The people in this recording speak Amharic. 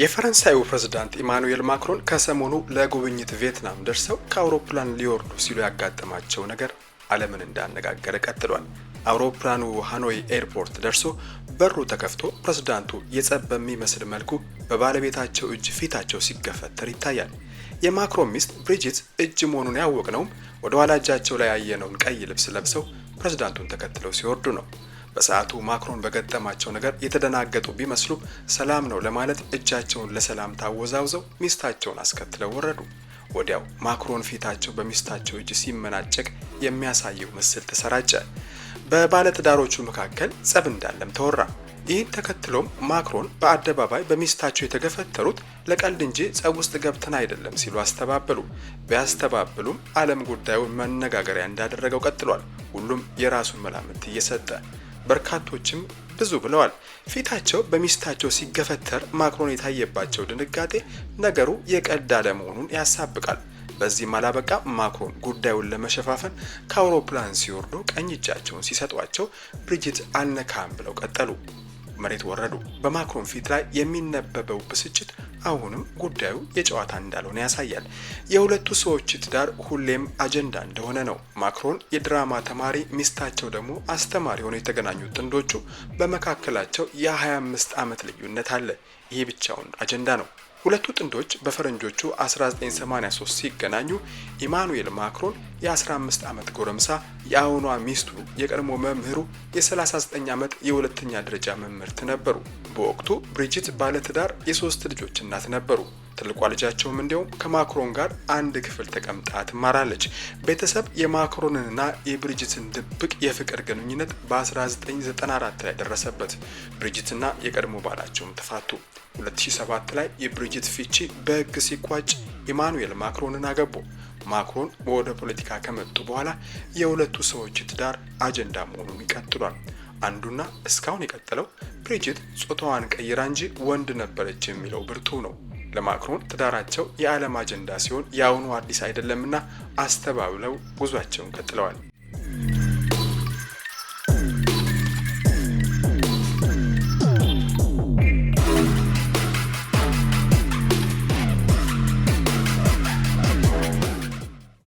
የፈረንሳዩ ፕሬዝዳንት ኢማኑኤል ማክሮን ከሰሞኑ ለጉብኝት ቪየትናም ደርሰው ከአውሮፕላን ሊወርዱ ሲሉ ያጋጠማቸው ነገር ዓለምን እንዳነጋገረ ቀጥሏል። አውሮፕላኑ ሃኖይ ኤርፖርት ደርሶ በሩ ተከፍቶ ፕሬዝዳንቱ የጸብ በሚመስል መልኩ በባለቤታቸው እጅ ፊታቸው ሲገፈተር ይታያል። የማክሮን ሚስት ብሪጅት እጅ መሆኑን ያወቅነውም ወደ ኋላ እጃቸው ላይ ያየነውን ቀይ ልብስ ለብሰው ፕሬዝዳንቱን ተከትለው ሲወርዱ ነው። በሰዓቱ ማክሮን በገጠማቸው ነገር የተደናገጡ ቢመስሉም ሰላም ነው ለማለት እጃቸውን ለሰላምታ አወዛውዘው ሚስታቸውን አስከትለው ወረዱ። ወዲያው ማክሮን ፊታቸው በሚስታቸው እጅ ሲመናጨቅ የሚያሳየው ምስል ተሰራጨ። በባለትዳሮቹ መካከል ጸብ እንዳለም ተወራ። ይህን ተከትሎም ማክሮን በአደባባይ በሚስታቸው የተገፈተሩት ለቀልድ እንጂ ጸብ ውስጥ ገብተን አይደለም ሲሉ አስተባበሉ። ቢያስተባብሉም ዓለም ጉዳዩን መነጋገሪያ እንዳደረገው ቀጥሏል። ሁሉም የራሱን መላምት እየሰጠ በርካቶችም ብዙ ብለዋል። ፊታቸው በሚስታቸው ሲገፈተር ማክሮን የታየባቸው ድንጋጤ ነገሩ የቀልድ አለመሆኑን ያሳብቃል። በዚህም አላበቃ ማክሮን ጉዳዩን ለመሸፋፈን ከአውሮፕላን ሲወርዱ ቀኝ እጃቸውን ሲሰጧቸው ብሪጅት አልነካም ብለው ቀጠሉ። መሬት ወረዱ። በማክሮን ፊት ላይ የሚነበበው ብስጭት አሁንም ጉዳዩ የጨዋታ እንዳልሆነ ያሳያል። የሁለቱ ሰዎች ትዳር ሁሌም አጀንዳ እንደሆነ ነው። ማክሮን የድራማ ተማሪ፣ ሚስታቸው ደግሞ አስተማሪ ሆነው የተገናኙት ጥንዶቹ በመካከላቸው የ25 ዓመት ልዩነት አለ። ይህ ብቻውን አጀንዳ ነው። ሁለቱ ጥንዶች በፈረንጆቹ 1983 ሲገናኙ ኢማኑኤል ማክሮን የ15 ዓመት ጎረምሳ የአሁኗ ሚስቱ የቀድሞ መምህሩ የ39 ዓመት የሁለተኛ ደረጃ መምህርት ነበሩ። በወቅቱ ብሪጅት ባለትዳር የሶስት ልጆች እናት ነበሩ። ትልቋ ልጃቸውም እንዲያውም ከማክሮን ጋር አንድ ክፍል ተቀምጣ ትማራለች። ቤተሰብ የማክሮንንና የብሪጅትን ድብቅ የፍቅር ግንኙነት በ1994 ላይ ደረሰበት። ብሪጅትና የቀድሞ ባላቸውም ተፋቱ። 2007 ላይ የብሪጅት ፊቺ በህግ ሲቋጭ ኢማኑኤል ማክሮንን አገቡ። ማክሮን ወደ ፖለቲካ ከመጡ በኋላ የሁለቱ ሰዎች ትዳር አጀንዳ መሆኑን ይቀጥሏል። አንዱና እስካሁን የቀጠለው ብሪጅት ጾታዋን ቀይራ እንጂ ወንድ ነበረች የሚለው ብርቱ ነው። ለማክሮን ትዳራቸው የዓለም አጀንዳ ሲሆን የአሁኑ አዲስ አይደለምና አስተባብለው ጉዟቸውን ቀጥለዋል።